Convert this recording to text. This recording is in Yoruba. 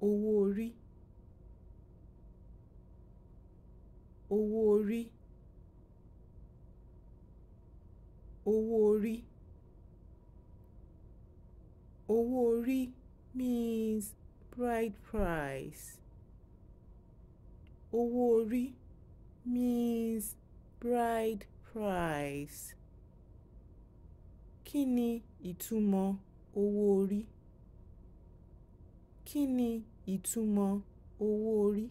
owó orí owó orí owó orí owó orí means bride price owó orí means bride price kí ni ìtumọ̀ owó orí? Kí ni ìtumọ̀ owó orí?